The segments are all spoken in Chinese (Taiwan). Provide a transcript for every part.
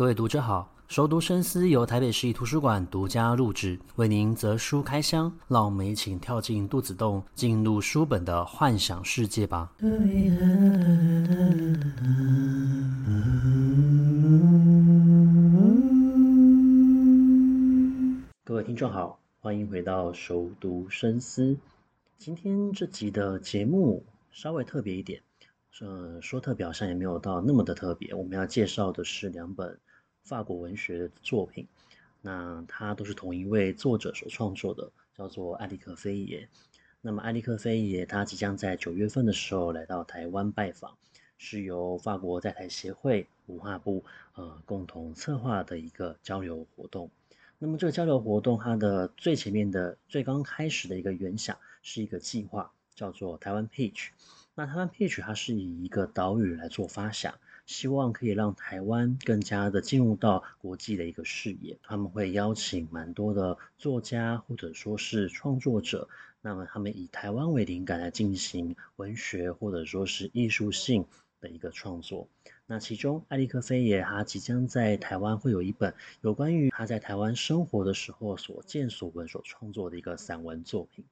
各位讀者好，熟讀深思由台北市立圖書館獨家錄製，為您擇書開箱，讓我們一起跳進肚子洞，進入書本的幻想世界吧。各位聽眾好，歡迎回到熟讀深思。今天這集的節目稍微特別一點，嗯，說特別好像也沒有到那麼的特別，我們要介紹的是兩本法國文學的作品，那它都是同一位作者所創作的，叫做艾力克·菲耶。那麼艾力克·菲耶他即將在九月份的時候來到台灣拜訪，是由法國在台協會文化部呃共同策劃的一個交流活動。那麼這個交流活動它的最前面的最剛開始的一個原想是一個計劃，叫做台灣 Peach。那台灣 Peach 它是以一個島嶼來做發想。希望可以讓台灣更加的進入到國際的一個視野。他們會邀請蠻多的作家或者說是創作者，那麼他們以台灣為靈感來進行文學或者說是藝術性的一個創作。那其中，艾力克菲耶他即將在台灣會有一本有關於他在台灣生活的時候所見所聞所創作的一個散文作品。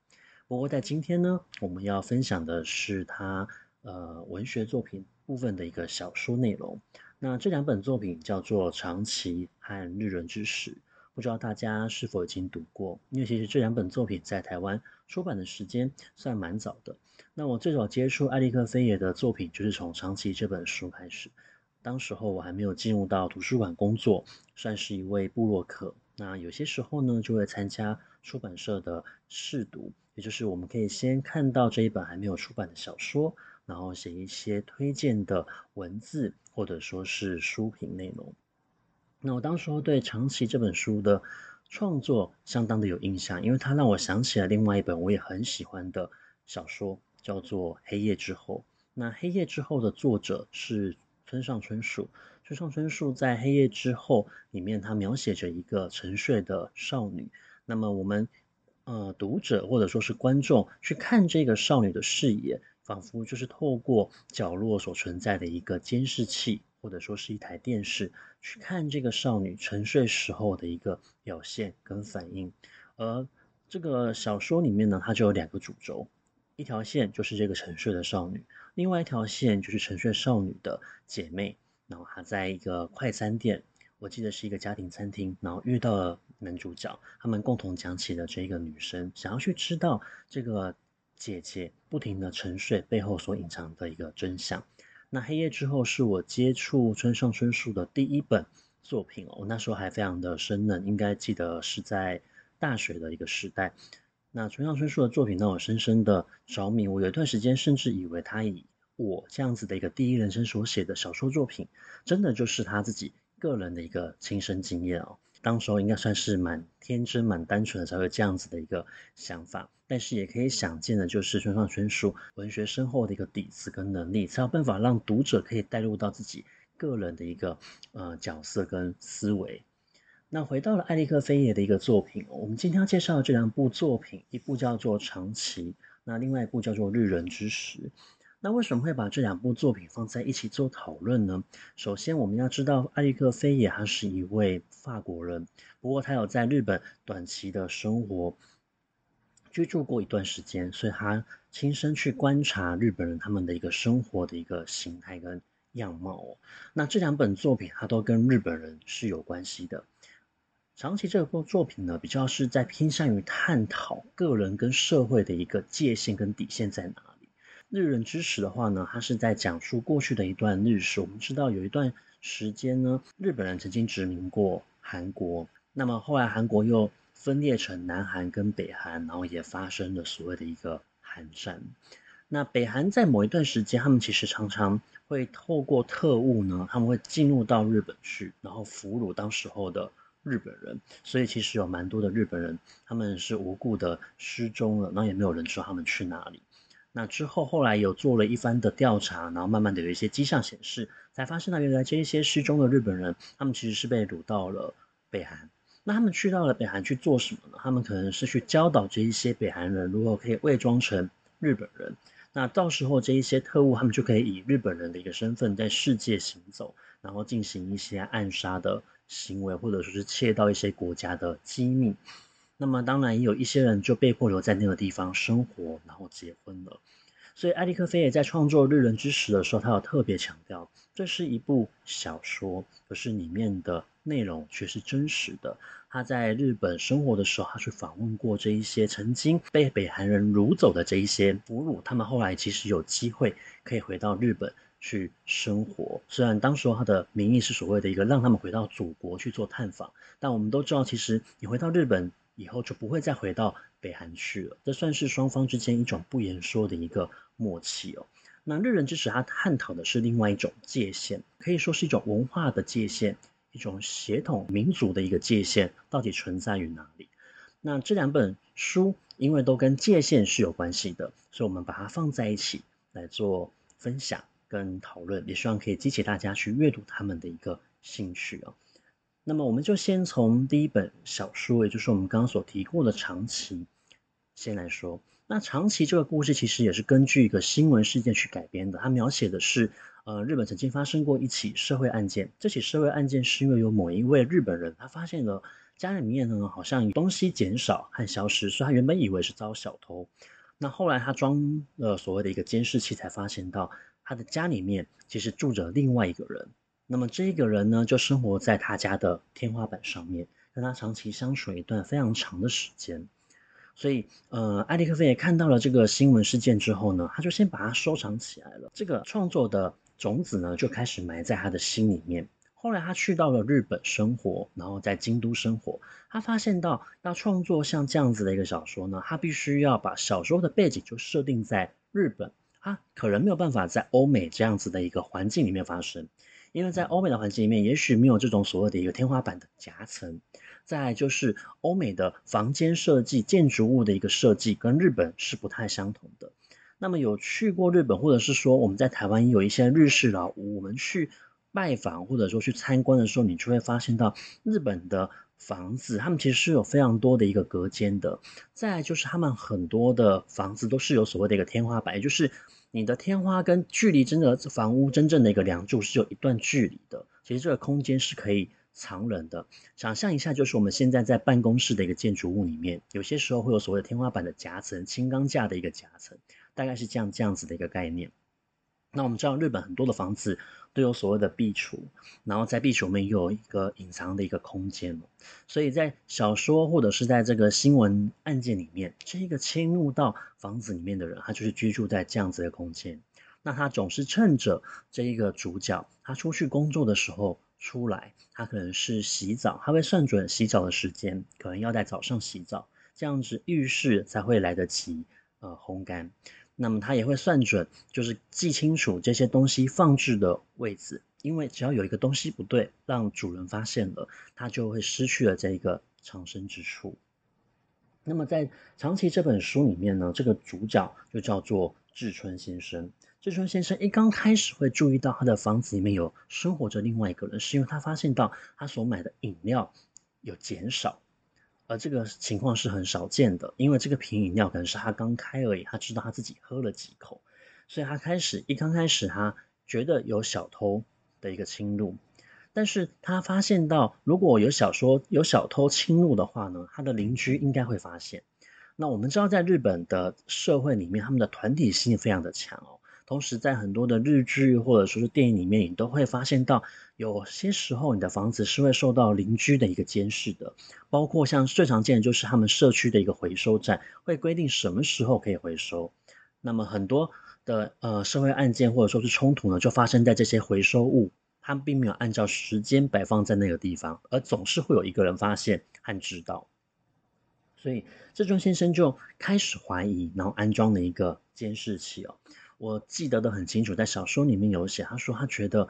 不過，在今天呢，我們要分享的是他呃文學作品，部分的一個小說內容。那這兩本作品叫做《長崎》和《日人之蝕》，不知道大家是否已經讀過？因為其實這兩本作品在台灣出版的時間算蠻早的。那我最早接觸艾力克‧菲耶的作品，就是從《長崎》這本書開始。當時候我還沒有進入到圖書館工作，算是一位部落客。那有些時候呢，就會參加出版社的試讀，也就是我們可以先看到這一本還沒有出版的小說。然後寫一些推薦的文字，或者說是書評內容。那我當時對長崎這本書的創作相當的有印象，因為它讓我想起了另外一本我也很喜歡的小說，叫做《黑夜之後》。那《黑夜之後》的作者是村上春樹。村上春樹在《黑夜之後》裡面，他描寫着一個沉睡的少女。那麼我們呃，讀者或者說是觀眾去看這個少女的視野。仿佛就是透過角落所存在的一個監視器，或者說是一台電視，去看這個少女沉睡時候的一個表現跟反應。而這個小說裡面呢，它就有兩個主軸，一條線就是這個沉睡的少女，另外一條線就是沉睡少女的姐妹。然後她在一個快餐店，我記得是一個家庭餐廳，然後遇到了男主角，他們共同講起了這個女生想要去知道這個。姐姐不停地沉睡背後所隱藏的一個真相。那黑夜之後是我接觸村上春樹的第一本作品哦，我那時候還非常的生冷，應該記得是在大學的一個時代。那村上春樹的作品讓我深深的着迷，我有一段時間甚至以為他以我這樣子的一個第一人稱所寫的小說作品，真的就是他自己個人的一個親身經驗哦。當時候應該算是蠻天真，蠻單純的，才會這樣子的一個想法。但是也可以想見的，就是村上春樹文學深厚的一個底子跟能力，才有辦法讓讀者可以帶入到自己個人的一個呃角色跟思維。那回到了艾力克·菲耶的一個作品，我們今天要介紹的這兩部作品，一部叫做《長崎》，那另外一部叫做《日人之蝕》。那為什麼會把這兩部作品放在一起做討論呢？首先，我們要知道艾力克·菲耶他是一位法國人，不過他有在日本短期的生活居住過一段時間，所以他親身去觀察日本人他們的一個生活的一個形態跟樣貌。那這兩本作品，它都跟日本人是有關係的。長崎這部作品呢，比較是在偏向於探討個人跟社會的一個界限跟底線在哪裡。日人之蝕的話呢，它是在講述過去的一段歷史。我們知道有一段時間呢，日本人曾經殖民過韓國。那麼後來韓國又分裂成南韓跟北韓，然後也發生了所謂的一個韓戰。那北韓在某一段時間，他們其實常常會透過特務呢，他們會進入到日本去，然後俘虜當時候的日本人。所以其實有蠻多的日本人，他們是無故的失蹤了，那也沒有人知道他們去哪裡。那之後，後來有做了一番的調查，然後慢慢的有一些跡象顯示，才發現到原來這一些失蹤的日本人，他們其實是被擄到了北韓。那他們去到了北韓去做什麼呢？他們可能是去教導這一些北韓人，如果可以偽裝成日本人，那到時候這一些特務他們就可以以日本人的一個身份在世界行走，然後進行一些暗殺的行為，或者說是竊到一些國家的機密。那麼當然也有一些人就被迫留在那個地方生活，然後結婚了。所以艾力克‧菲耶在創作《日人之蝕》的時候，他有特別強調，這是一部小說，可是裡面的內容卻是真實的。他在日本生活的時候，他去訪問過這一些曾經被北韓人擄走的這一些俘虜，他們後來其實有機會可以回到日本去生活。雖然當時他的名義是所謂的一個讓他們回到祖國去做探訪，但我們都知道，其實你回到日本。以後就不會再回到北韓去了，這算是雙方之間一種不言說的一個默契哦。那日人之蝕，他探討的是另外一種界限，可以說是一種文化的界限，一種血統民族的一個界限，到底存在於哪裡？那這兩本書因為都跟界限是有關係的，所以我們把它放在一起來做分享跟討論，也希望可以激起大家去閱讀他們的一個興趣哦。那麼我們就先從第一本小說，也就是我們剛剛所提過的《長崎》，先來說。那《長崎》這個故事其實也是根據一個新聞事件去改編的。它描寫的是，呃，日本曾經發生過一起社會案件。這起社會案件是因為有某一位日本人，他發現了家裡面呢好像東西減少和消失，所以他原本以為是遭小偷。那後來他裝了所謂的一個監視器，才發現到他的家裡面其實住着另外一個人。那麼這個人呢，就生活在他家的天花板上面，跟他長期相處一段非常長的時間。所以，呃，艾力克‧菲耶看到了這個新聞事件之後呢，他就先把它收藏起來了。這個創作的種子呢，就開始埋在他的心裡面。後來他去到了日本生活，然後在京都生活。他發現到要創作像這樣子的一個小說呢，他必須要把小說的背景就設定在日本。他啊，可能沒有辦法在歐美這樣子的一個環境裡面發生。因為在歐美的環境裡面，也許沒有這種所謂的一個天花板的夾層。再來就是歐美的房間設計、建築物的一個設計跟日本是不太相同的。那麼有去過日本，或者是說我們在台灣有一些日式老屋，我們去拜訪或者說去參觀的時候，你就會發現到日本的房子，他們其實是有非常多的一個隔間的。再來就是他們很多的房子都是有所謂的一個天花板，也就是。你的天花跟距離真的房屋真正的一個梁柱，是有一段距離的，其實這個空間是可以藏人的。想象一下，就是我們現在在辦公室的一個建築物裡面，有些時候會有所謂的天花板的夾層、輕鋼架的一個夾層，大概是這樣這樣子的一個概念。那我們知道，日本很多的房子都有所謂的壁櫥，然後在壁櫥裡面又有一個隱藏的一個空間。所以在小說或者是在這個新聞案件裡面，這一個侵入到房子裡面的人，他就是居住在這樣子的空間。那他總是趁着這一個主角他出去工作的時候出來，他可能是洗澡，他會算準洗澡的時間，可能要在早上洗澡，這樣子浴室才會來得及呃烘乾。那麼他也會算準，就是記清楚這些東西放置的位置，因為只要有一個東西不對，讓主人發現了，他就會失去了這一個藏身之處。那麼在《長崎》這本書裡面呢，這個主角就叫做志村先生。志村先生一剛開始會注意到他的房子裡面有生活着另外一個人，是因為他發現到他所買的飲料有減少。而這個情況是很少見的，因為這個瓶飲料可能是他剛開而已，他知道他自己喝了幾口，所以他開始，一剛開始他覺得有小偷的一個侵入，但是他發現到如果有小說有小偷侵入的話呢，他的鄰居應該會發現。那我們知道在日本的社會裡面，他們的團體性非常的強哦。同時，在很多的日劇或者說是電影裡面，你都會發現到，有些時候你的房子是會受到鄰居的一個監視的，包括像最常見的就是他們社區的一個回收站會規定什麼時候可以回收。那麼很多的呃社會案件或者說是衝突呢，就發生在這些回收物，他們並沒有按照時間擺放在那個地方，而總是會有一個人發現和知道。所以志尊先生就開始懷疑，然後安裝了一個監視器哦。我記得的很清楚，在小說裡面有寫，他說他覺得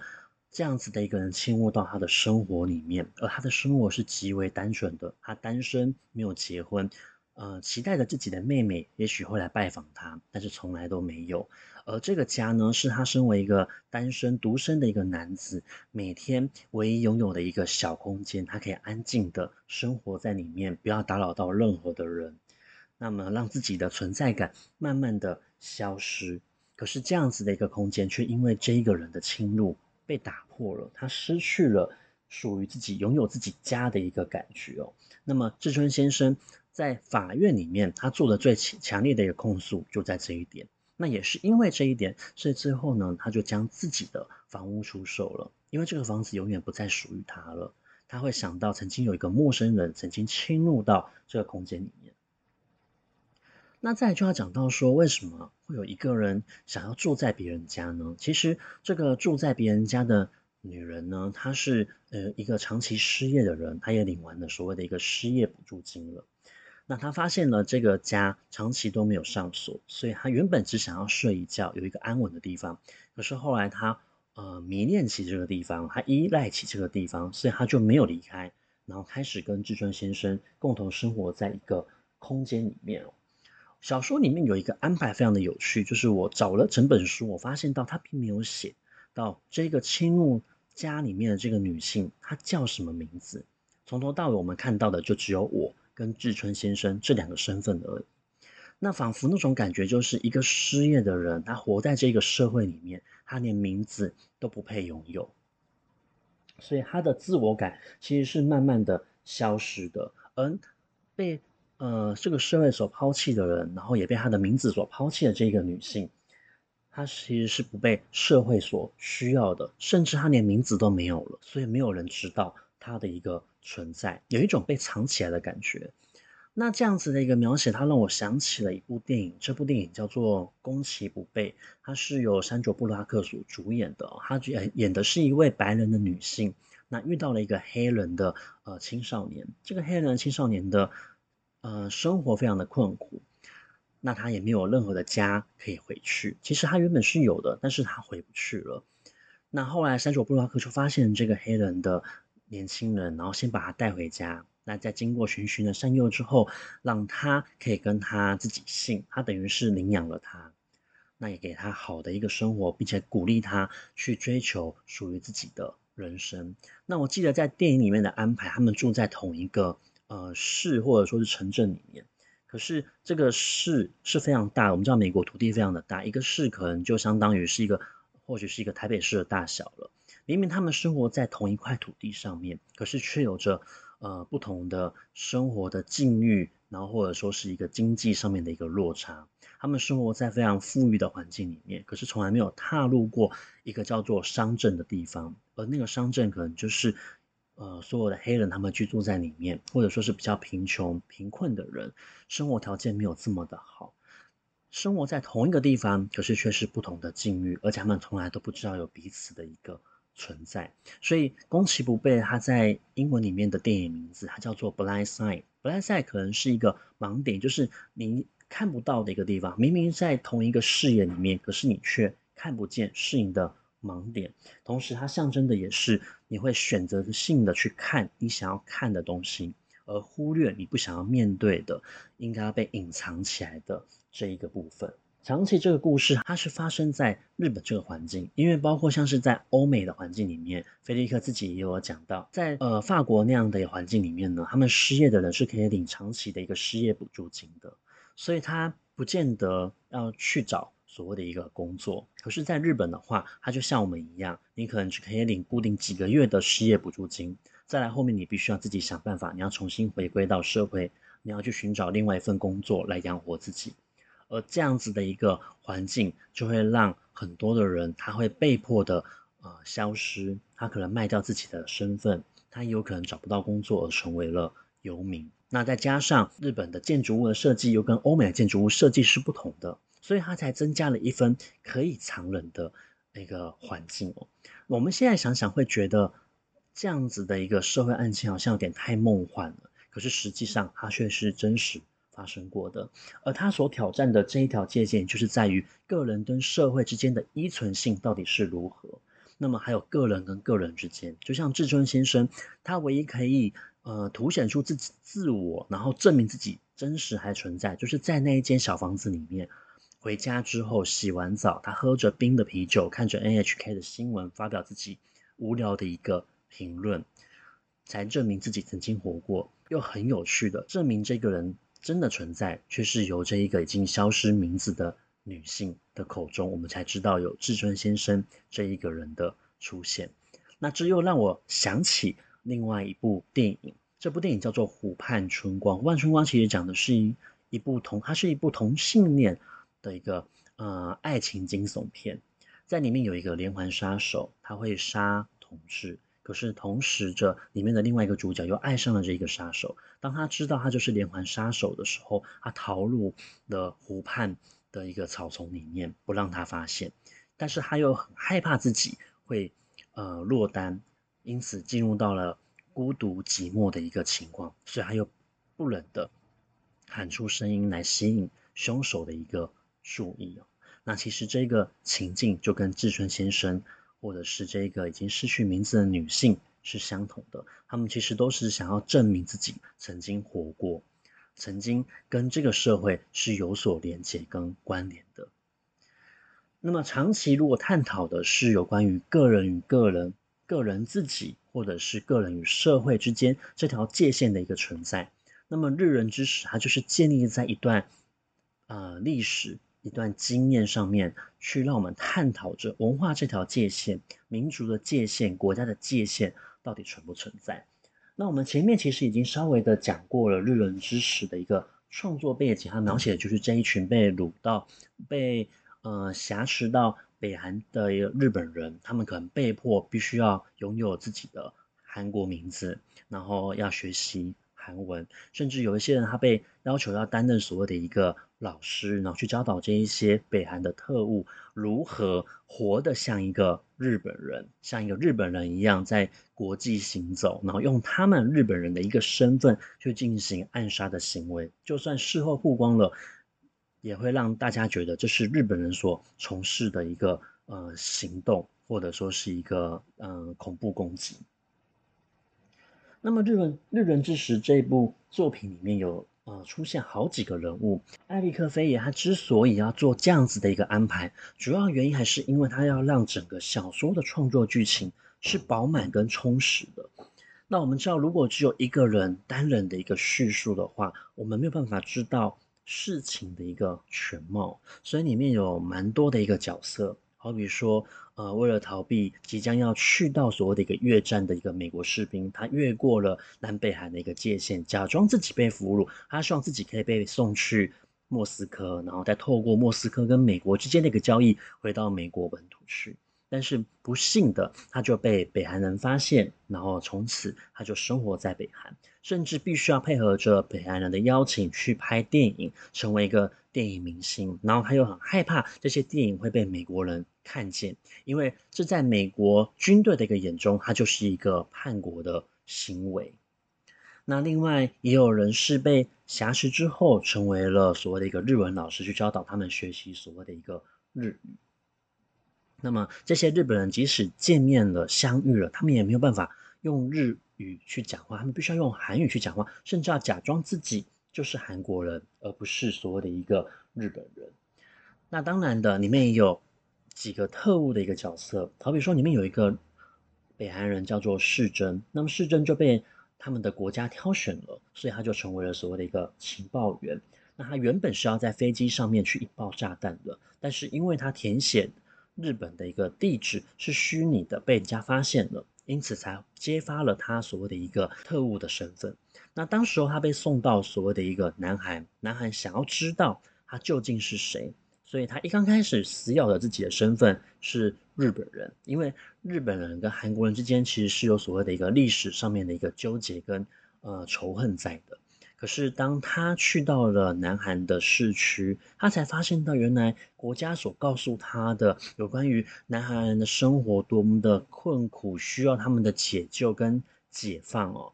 這樣子的一個人侵入到他的生活裡面，而他的生活是極為單純的，他單身沒有結婚，呃，期待着自己的妹妹也許會來拜訪他，但是從來都沒有。而這個家呢，是他身為一個單身獨身的一個男子，每天唯一擁有的一個小空間，他可以安靜的生活在裡面，不要打擾到任何的人，那麼讓自己的存在感慢慢的消失。可是這樣子的一個空間，卻因為這一個人的侵入被打破了，他失去了屬於自己擁有自己家的一個感覺哦。那麼志春先生在法院裡面，他做的最強烈的一個控訴就在這一點。那也是因為這一點，所以最後呢，他就將自己的房屋出售了，因為這個房子永遠不再屬於他了。他會想到曾經有一個陌生人曾經侵入到這個空間裡面。那再來就要講到說為什麼？會有一個人想要住在別人家呢？其實這個住在別人家的女人呢，她是呃一個長期失業的人，她也領完了所謂的一個失業補助金了。那她發現了這個家長期都沒有上鎖，所以她原本只想要睡一覺，有一個安穩的地方。可是後來她呃迷戀起這個地方，她依賴起這個地方，所以她就沒有離開，然後開始跟志尊先生共同生活在一個空間裡面。小說裡面有一個安排，非常的有趣，就是我找了整本書，我發現到他並沒有寫到這個青木家裡面的這個女性，她叫什麼名字？從頭到尾我們看到的就只有我跟志春先生這兩個身份而已。那仿佛那種感覺就是一個失業的人，他活在這個社會裡面，他連名字都不配擁有，所以他的自我感其實是慢慢的消失的，而被。呃，這個社會所拋棄的人，然後也被她的名字所拋棄的這個女性，她其實是不被社會所需要的，甚至她連名字都沒有了，所以沒有人知道她的一個存在，有一種被藏起來的感覺。那這樣子的一個描寫，它讓我想起了一部電影，這部電影叫做《攻其不備》，它是由山卓布拉克所主演的，他演演的是一位白人的女性，那遇到了一個黑人的呃青少年，這個黑人的青少年的。呃，生活非常的困苦，那他也沒有任何的家可以回去。其實他原本是有的，但是他回不去了。那後來，珊卓布拉克就發現這個黑人的年輕人，然後先把他帶回家。那在經過循循的善誘之後，讓他可以跟他自己姓，他等於是領養了他，那也給他好的一個生活，並且鼓勵他去追求屬於自己的人生。那我記得在電影裡面的安排，他們住在同一個。呃，市或者說是城鎮裡面，可是這個市是非常大。我們知道美國土地非常的大，一個市可能就相當於是一個，或許是一個台北市的大小了。明明他們生活在同一塊土地上面，可是卻有着呃不同的生活的境遇，然後或者說是一個經濟上面的一個落差。他們生活在非常富裕的環境裡面，可是從來沒有踏入過一個叫做商鎮的地方，而那個商鎮可能就是。呃，所有的黑人他們居住在裡面，或者說是比較貧窮、貧困的人，生活條件沒有這麼的好，生活在同一個地方，可是卻是不同的境遇，而且他們從來都不知道有彼此的一個存在，所以攻其不備。它在英文裡面的電影名字，它叫做《Blind Side》。Blind Side 可能是一個盲點，就是你看不到的一個地方，明明在同一個視野裡面，可是你卻看不見適應的。盲點，同時它象徵的也是你會選擇性的去看你想要看的東西，而忽略你不想要面對的、應該要被隱藏起來的這一個部分。長崎這個故事，它是發生在日本這個環境，因為包括像是在歐美的環境裡面，菲利克自己也有講到，在呃法國那樣的環境裡面呢，他們失業的人是可以領長期的一個失業補助金的，所以他不見得要去找所謂的一個工作，可是，在日本的話，它就像我們一樣，你可能只可以領固定幾個月的失業補助金，再來後面你必須要自己想辦法，你要重新回歸到社會，你要去尋找另外一份工作來養活自己。而這樣子的一個環境，就會讓很多的人他會被迫的呃消失，他可能賣掉自己的身份，他也有可能找不到工作而成為了遊民。那再加上日本的建築物的設計又跟歐美的建築物設計是不同的。所以他才增加了一分可以藏人的那個環境哦。我們現在想想，會覺得這樣子的一個社會案件好像有點太夢幻了。可是實際上，它卻是真實發生過的。而他所挑戰的這一條界限，就是在於個人跟社會之間的依存性到底是如何。那麼還有個人跟個人之間，就像志尊先生，他唯一可以呃凸顯出自己自我，然後證明自己真實還存在，就是在那一間小房子裡面。回家之後洗完澡，他喝着冰的啤酒，看着 NHK 的新聞，發表自己無聊的一個評論，才證明自己曾經活過，又很有趣的證明這個人真的存在，卻是由這一個已經消失名字的女性的口中，我們才知道有志村先生這一個人的出現。那這又讓我想起另外一部電影，這部電影叫做《湖畔春光》，《萬春光》其實講的是一一部同，它是一部同性戀。的一個呃愛情驚悚片，在裡面有一個連環殺手，他會殺同志，可是同時這裡面的另外一個主角又愛上了這個殺手。當他知道他就是連環殺手的時候，他逃入了湖畔的一個草叢裡面，不讓他發現。但是他又很害怕自己會呃落單，因此進入到了孤獨寂寞的一個情況，所以他又不忍的喊出聲音來吸引兇手的一個。注意哦，那其實這個情境就跟志村先生，或者是這個已經失去名字的女性是相同的。他們其實都是想要證明自己曾經活過，曾經跟這個社會是有所連接跟關聯的。那麼，長崎如果探討的是有關於個人與個人、個人自己，或者是個人與社會之間這條界限的一個存在，那麼日人之蝕，它就是建立在一段啊、呃、歷史。一段經驗上面，去讓我們探討着文化這條界限、民族的界限、國家的界限到底存不存在？那我們前面其實已經稍微的講過了《日人之蝕》的一個創作背景，它描寫的就是這一群被擄到、被呃挾持到北韓的一個日本人，他們可能被迫必須要擁有自己的韓國名字，然後要學習。韓文，甚至有一些人，他被要求要擔任所謂的一個老師，然後去教導這一些北韓的特務如何活得像一個日本人，像一個日本人一樣在國際行走，然後用他們日本人的一個身份去進行暗殺的行為。就算事後曝光了，也會讓大家覺得這是日本人所從事的一個呃行動，或者說是一個嗯、呃、恐怖攻擊。那麼日人《日人之蝕》這部作品裡面有呃出現好幾個人物，艾力克·菲耶，他之所以要做這樣子的一個安排，主要原因還是因為他要讓整個小說的創作劇情是飽滿跟充實的。那我們知道，如果只有一個人單人的一個敘述的話，我們沒有辦法知道事情的一個全貌，所以裡面有蠻多的一個角色。好比說，呃，為了逃避即將要去到所謂的一個越戰的一個美國士兵，他越過了南北韓的一個界限，假裝自己被俘虜，他希望自己可以被送去莫斯科，然後再透過莫斯科跟美國之間的一個交易回到美國本土去。但是不幸的，他就被北韓人發現，然後從此他就生活在北韓，甚至必須要配合着北韓人的邀請去拍電影，成為一個電影明星。然後他又很害怕這些電影會被美國人看見，因為這在美國軍隊的一個眼中，他就是一個叛國的行為。那另外也有人是被挾持之後成為了所謂的一個日文老師，去教導他們學習所謂的一個日語。那麼這些日本人即使見面了、相遇了，他們也沒有辦法用日語去講話，他們必須要用韓語去講話，甚至要假裝自己就是韓國人，而不是所謂的一個日本人。那當然的，裡面也有幾個特務的一個角色，好比說，裡面有一個北韓人叫做世珍，那麼世珍就被他們的國家挑選了，所以他就成為了所謂的一個情報員。那他原本是要在飛機上面去引爆炸彈的，但是因為他填寫日本的一個地址是虛擬的，被人家發現了，因此才揭發了他所謂的一個特務的身份。那當時候他被送到所謂的一個南韓，南韓想要知道他究竟是誰，所以他一剛開始死咬着自己的身份是日本人，因為日本人跟韓國人之間其實是有所謂的一個歷史上面的一個糾結跟呃仇恨在的。可是，當他去到了南韓的市區，他才發現到原來國家所告訴他的有關於南韓人的生活多麼的困苦，需要他們的解救跟解放哦，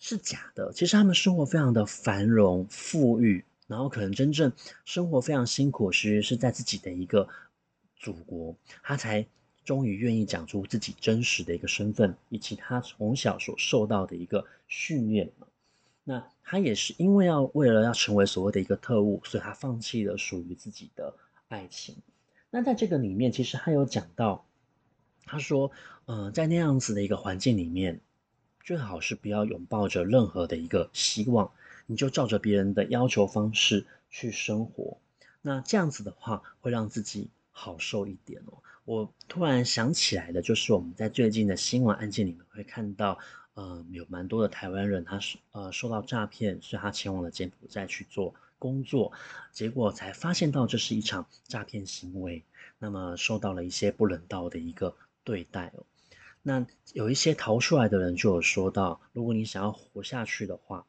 是假的。其實他們生活非常的繁榮富裕，然後可能真正生活非常辛苦，其實是在自己的一個祖國，他才終於願意講出自己真實的一個身份，以及他從小所受到的一個訓練。那他也是因為要為了要成為所謂的一個特務，所以他放棄了屬於自己的愛情。那在這個裡面，其實他有講到，他說，呃，在那樣子的一個環境裡面，最好是不要擁抱着任何的一個希望，你就照着別人的要求方式去生活。那這樣子的話，會讓自己好受一點哦、喔。我突然想起來的，就是我們在最近的新聞案件裡面會看到。嗯、呃，有蠻多的台灣人，他是呃受到詐騙，所以他前往了柬埔寨去做工作，結果才發現到這是一場詐騙行為，那麼受到了一些不人道的一個對待哦。那有一些逃出來的人就有說到，如果你想要活下去的話，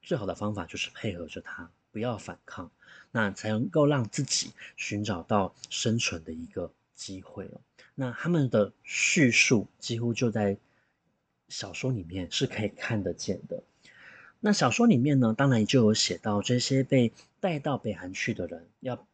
最好的方法就是配合着他，不要反抗，那才能夠讓自己尋找到生存的一個機會哦。那他們的敘述幾乎就在。小說裡面是可以看得見的。那小說裡面呢，當然就有寫到這些被帶到北韓去的人，要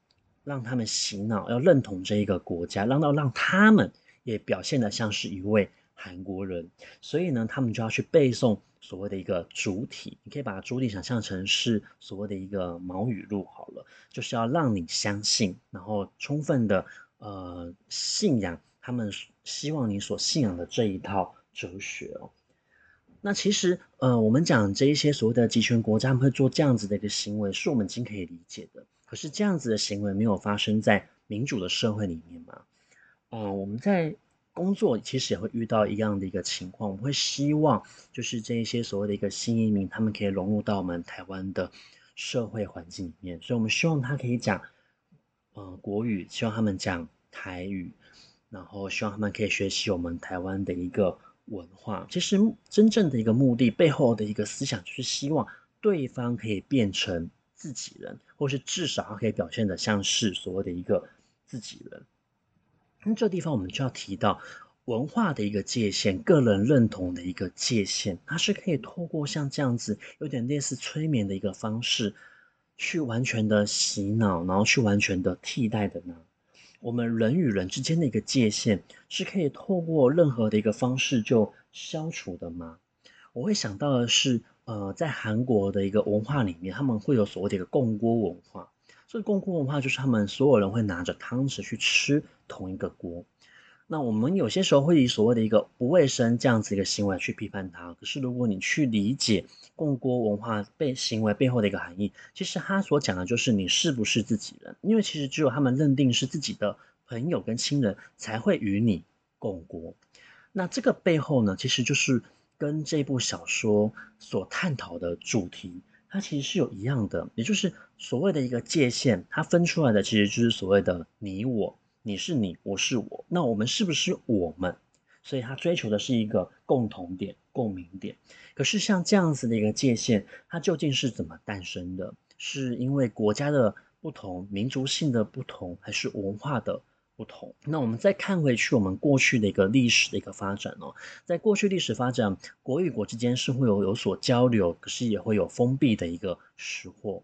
讓他們洗腦，要認同這一個國家，讓到讓他們也表現得像是一位韓國人。所以呢，他們就要去背誦所謂的一個主體，你可以把主體想象成是所謂的一個毛語錄好了，就是要讓你相信，然後充分的呃信仰他們希望你所信仰的這一套。哲學哦。那其實呃，我們講這一些所謂的極權國家他們會做這樣子的一個行為，是我們已經可以理解的。可是這樣子的行為沒有發生在民主的社會裡面嘛？嗯、呃，我們在工作其實也會遇到一樣的一個情況，我們會希望就是這一些所謂的一個新移民，他們可以融入到我們台灣的社會環境裡面，所以我們希望他可以講呃國語，希望他們講台語，然後希望他們可以學習我們台灣的一個。文化，其實真正的一個目的，背後的一個思想，就是希望對方可以變成自己人，或是至少可以表現的像是所謂的一個自己人。那這地方我們就要提到文化的一個界限，個人認同的一個界限，它是可以透過像這樣子有點類似催眠的一個方式，去完全的洗腦，然後去完全的替代的呢？我們人與人之間的一個界限是可以透過任何的一個方式就消除的嗎？我會想到的是，呃，在韓國的一個文化裡面，他們會有所謂的一個共鍋文化。所以，共鍋文化就是他們所有人會拿着湯匙去吃同一個鍋。那我們有些時候會以所謂的一個不衛生這樣子一個行為去批判他，可是如果你去理解共鍋文化背行為背後的一個含義，其實他所講的就是你是不是自己人，因為其實只有他們認定是自己的朋友跟親人才會與你共鍋。那這個背後呢，其實就是跟這部小說所探討的主題，它其實是有一樣的，也就是所謂的一個界限，它分出來的其實就是所謂的你我。你是你，我是我，那我們是不是我們？所以他追求的是一個共同點、共鳴點。可是像這樣子的一個界限，它究竟是怎麼誕生的？是因為國家的不同、民族性的不同，還是文化的不同？那我們再看回去，我們過去的一個歷史的一個發展哦，在過去歷史發展，國與國之間是會有有所交流，可是也會有封閉的一個時候。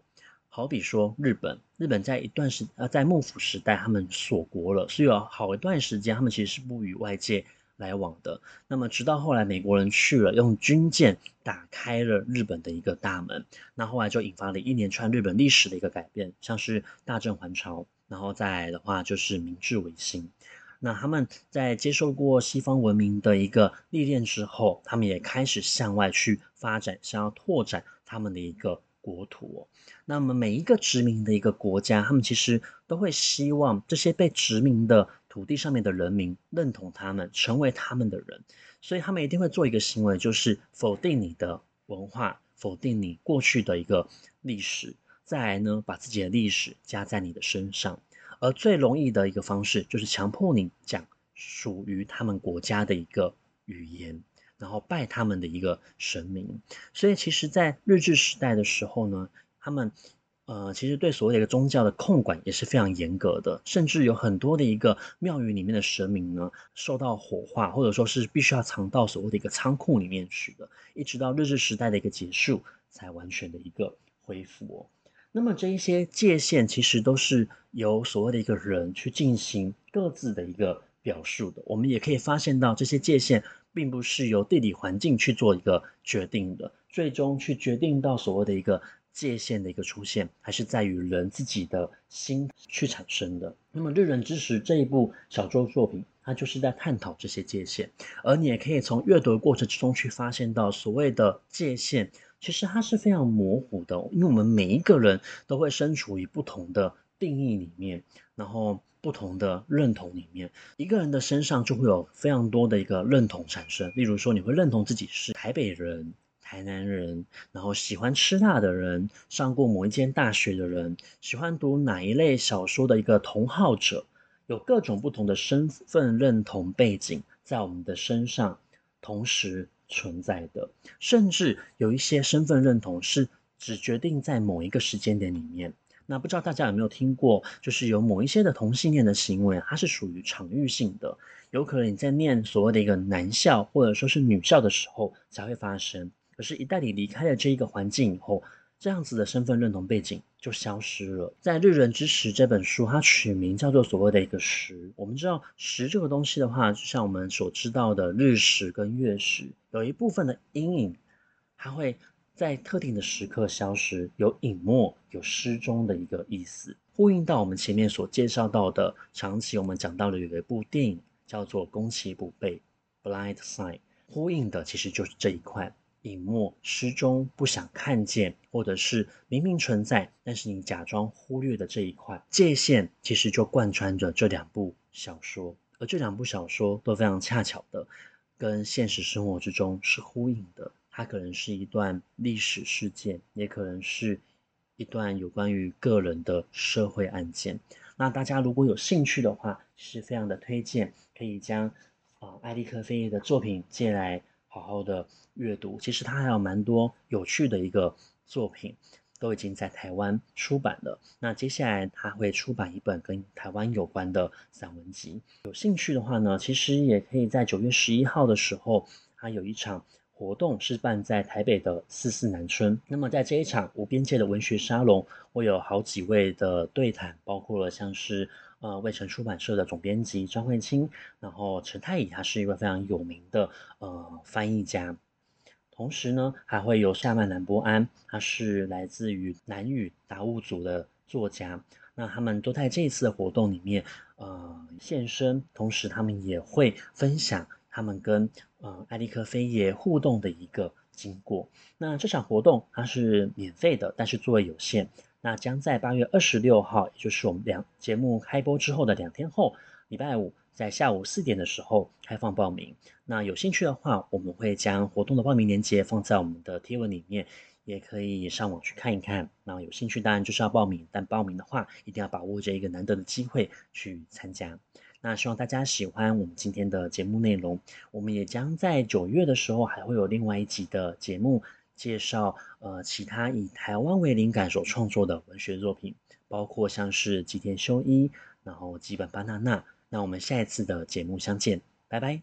好比說日本，日本在一段時呃，在幕府時代他們鎖國了，所以有好一段時間他們其實是不與外界來往的。那麼直到後來美國人去了，用軍艦打開了日本的一個大門，那後來就引發了一連串日本歷史的一個改變，像是大正還朝，然後再來的話就是明治維新。那他們在接受過西方文明的一個歷練之後，他們也開始向外去發展，想要拓展他們的一個。國土，那麼每一個殖民的一個國家，他們其實都會希望這些被殖民的土地上面的人民認同他們，成為他們的人，所以他們一定會做一個行為，就是否定你的文化，否定你過去的一個歷史，再來呢，把自己的歷史加在你的身上，而最容易的一個方式，就是強迫你講屬於他們國家的一個語言。然後拜他們的一個神明，所以其實，在日治時代的時候呢，他們，呃，其實對所謂的一個宗教的控管也是非常嚴格的，甚至有很多的一個廟宇裡面的神明呢，受到火化，或者說是必須要藏到所謂的一個倉庫裡面去的，一直到日治時代的一個結束，才完全的一個恢復。那麼這一些界限其實都是由所謂的一個人去進行各自的一個表述的，我們也可以發現到這些界限。並不是由地理環境去做一個決定的，最終去決定到所謂的一個界限的一個出現，還是在於人自己的心去產生的。那麼《日人之蝕》這一部小說作品，它就是在探討這些界限，而你也可以從閱讀的過程之中去發現到，所謂的界限其實它是非常模糊的，因為我們每一個人都會身處於不同的定義裡面，然後，不同的認同裡面，一個人的身上就會有非常多的一個認同產生。例如說，你會認同自己是台北人、台南人，然後喜歡吃辣的人，上過某一間大學的人，喜歡讀哪一類小說的一個同好者，有各種不同的身份認同背景在我們的身上同時存在的，甚至有一些身份認同是只決定在某一個時間點裡面。那不知道大家有沒有聽過，就是有某一些的同性戀的行為，它是屬於場域性的，有可能你在念所謂的一個男校或者說是女校的時候才會發生，可是，一旦你離開了這一個環境以後，這樣子的身份認同背景就消失了。在《日人之蝕》這本書，它取名叫做所謂的一個蝕。我們知道蝕這個東西的話，就像我們所知道的日食跟月食，有一部分的陰影，它會。在特定的時刻消失，有隱沒、有失蹤的一個意思，呼應到我們前面所介紹到的，長期我們講到的有一部電影叫做《攻其不備》Blind Side，呼應的其實就是這一塊隱沒、失蹤、不想看見，或者是明明存在，但是你假裝忽略的這一塊界限，其實就貫穿着這兩部小說，而這兩部小說都非常恰巧的跟現實生活之中是呼應的。它可能是一段歷史事件，也可能是一段有關於個人的社會案件。那大家如果有興趣的話，是非常的推薦，可以將啊、呃、艾力克‧菲耶的作品借來好好的閱讀。其實他還有蠻多有趣的一個作品，都已經在台灣出版了。那接下來他會出版一本跟台灣有關的散文集。有興趣的話呢，其實也可以在九月十一號的時候，他有一場。活動是辦在台北的四四南村。那麼，在這一場無邊界的文學沙龍，會有好幾位的對談，包括了像是呃，衛城出版社的總編輯張惠清，然後陳太乙，他是一位非常有名的呃翻譯家。同時呢，還會有夏曼南波安，他是來自於南語達悟族的作家。那他們都在這一次的活動裡面呃現身，同時他們也會分享。他們跟嗯艾力克‧菲耶互動的一個經過。那這場活動它是免費的，但是座位有限。那將在八月二十六號，也就是我們兩節目開播之後的兩天後，禮拜五在下午四點的時候開放報名。那有興趣的話，我們會將活動的報名鏈接放在我們的貼文裡面，也可以上網去看一看。那有興趣當然就是要報名，但報名的話一定要把握這一個難得的機會去參加。那希望大家喜歡我們今天的節目內容，我們也將在九月的時候還會有另外一集的節目介，介紹，呃，其他以台灣為靈感所創作的文學作品，包括像是吉田修一，然後吉本芭娜娜。那我們下一次的節目相見，拜拜。